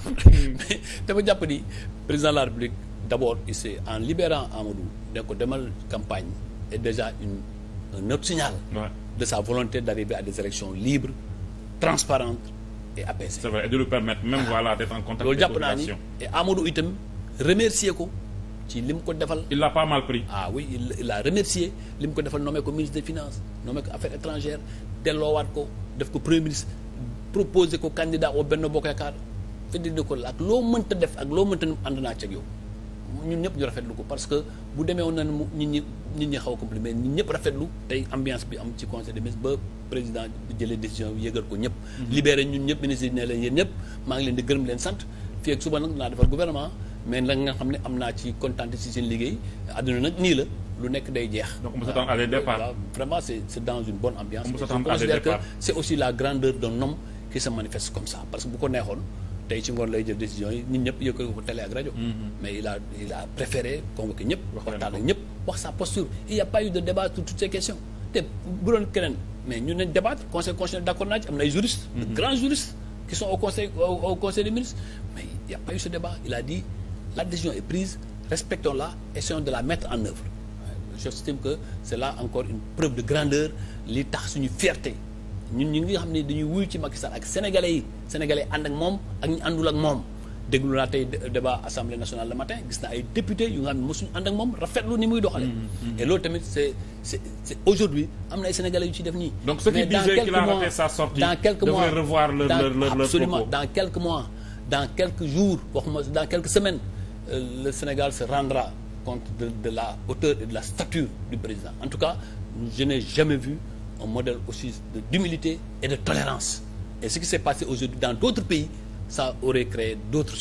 dama jàpp ni président la République d' abord il s'est en liberant Amadou ne ko demal campagne est déjà une un autre signal. Ouais. de sa volonté d' arriver à des élections libres transparentes et apaisées. même voilà d'être en loolu jàpp naa ni et Amadou itam remercier ko. ci li mu ko defal. l'a pas mal pris. ah oui il l'a remercié li mu ko defal nommé ko ministre des finances nommé ko affaires étrangères delloowaat ko def ko premier ministre proposé ko candidat au Benno Bokk Yaakaar Feddi ko ak loo mënta def ak loo mënta ànd naa ci ak yow ñun ñëpp ñu rafetlu ko parce que bu demee woon na mu nit ñi nit ñi xaw a compliqué ñun ñëpp rafetlu tey ambiance bi am ci conseil des ministres ba président jëlee décision yëgal ko ñëpp. Mhm. libéré ñun ñëpp ministre yi ne leen maa ngi leen di gërëm leen sant fii ak suba nag naa defar gouvernement mais nag nga xam ne am naa ci kontaan ci seen liggéey àdduna nag nii la lu nekk day jeex. donc on à on qui se manifeste comme ça parce que bu ko neexoon tey ci ngoon lay jël décision yi ñun ñëpp yëg ko télé ak rajo. Mm-hmm. mais il a il a préféré convoquer ñëpp. waxtaan ak wax sa posture il y a pas eu de débat sur toutes ces questions te bu doon keneen mais ñu ne débattre conseil constitutionnel d'accord naa ci am na ay juristes. de mm-hmm. grands juristes qui sont au conseil au conseil des ministres mais il y a pas eu ce débat il a dit la décision est prise respectons-la essayons de la mettre en œuvre. j'estime que encore une preuve de li tax suñu fierté. ñun ñi nga xam ne dañuy wuyu ci Macky Sall ak sénégalais yi sénégalais ànd ak moom ak ñu àndul ak moom déglu naa tey débat assemblée nationale le matin gis naa ay député yu nga xam ne mosuñu ànd ak moom rafetlu ni muy doxale mm, mm, mm. et loolu tamit c' est aujourd'hui am na ay sénégalais yu ci def nii. donc ceux qui disaient qu'il a raté sa sortie dans quelques mois devraient revoir leur leur euh, le Sénégal se rendra compte de de la hauteur et de la stature du président en tout cas je n'ai jamais vu. un modèle aussi d'humilité et de tolérance et ce qui s'est passé aujourd'hui dans d'autres pays ça aurait créé d'autres